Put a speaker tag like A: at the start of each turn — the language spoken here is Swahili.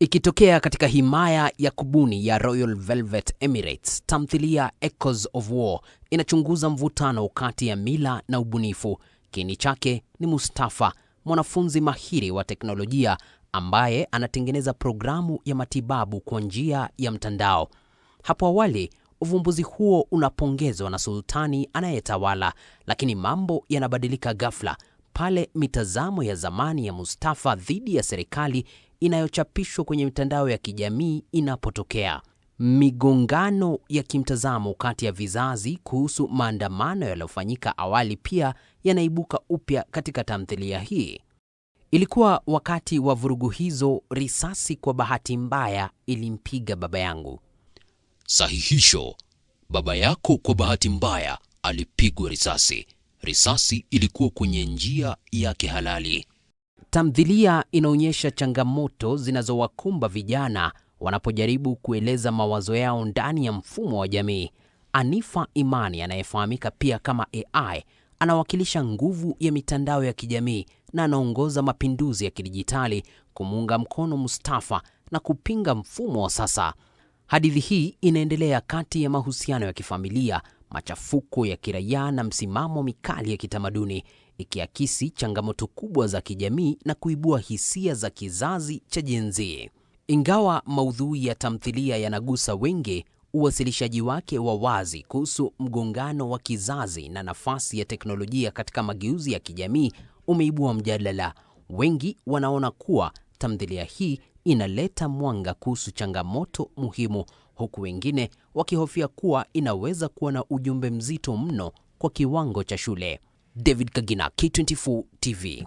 A: Ikitokea katika himaya ya kubuni ya Royal Velvet Emirates, tamthilia Echoes of War inachunguza mvutano kati ya mila na ubunifu. Kiini chake ni Mustafa, mwanafunzi mahiri wa teknolojia ambaye anatengeneza programu ya matibabu kwa njia ya mtandao. Hapo awali uvumbuzi huo unapongezwa na sultani anayetawala, lakini mambo yanabadilika ghafla pale mitazamo ya zamani ya Mustafa dhidi ya serikali inayochapishwa kwenye mitandao ya kijamii inapotokea. Migongano ya kimtazamo kati ya vizazi kuhusu maandamano yaliyofanyika awali pia yanaibuka upya katika tamthilia hii. Ilikuwa wakati wa vurugu hizo, risasi kwa bahati mbaya ilimpiga baba yangu.
B: Sahihisho: baba yako kwa bahati mbaya alipigwa risasi risasi ilikuwa kwenye njia yake halali.
A: Tamthilia inaonyesha changamoto zinazowakumba vijana wanapojaribu kueleza mawazo yao ndani ya mfumo wa jamii. Anifa Imani anayefahamika pia kama AI anawakilisha nguvu ya mitandao ya kijamii na anaongoza mapinduzi ya kidijitali kumuunga mkono Mustafa na kupinga mfumo wa sasa. Hadithi hii inaendelea kati ya mahusiano ya kifamilia, machafuko ya kiraia na msimamo mikali ya kitamaduni, ikiakisi changamoto kubwa za kijamii na kuibua hisia za kizazi cha jenzi. Ingawa maudhui ya tamthilia yanagusa wengi, uwasilishaji wake wa wazi kuhusu mgongano wa kizazi na nafasi ya teknolojia katika mageuzi ya kijamii umeibua mjadala. Wengi wanaona kuwa tamthilia hii inaleta mwanga kuhusu changamoto muhimu, huku wengine wakihofia kuwa inaweza kuwa na ujumbe mzito mno kwa kiwango cha shule. David Kagina, K24 TV.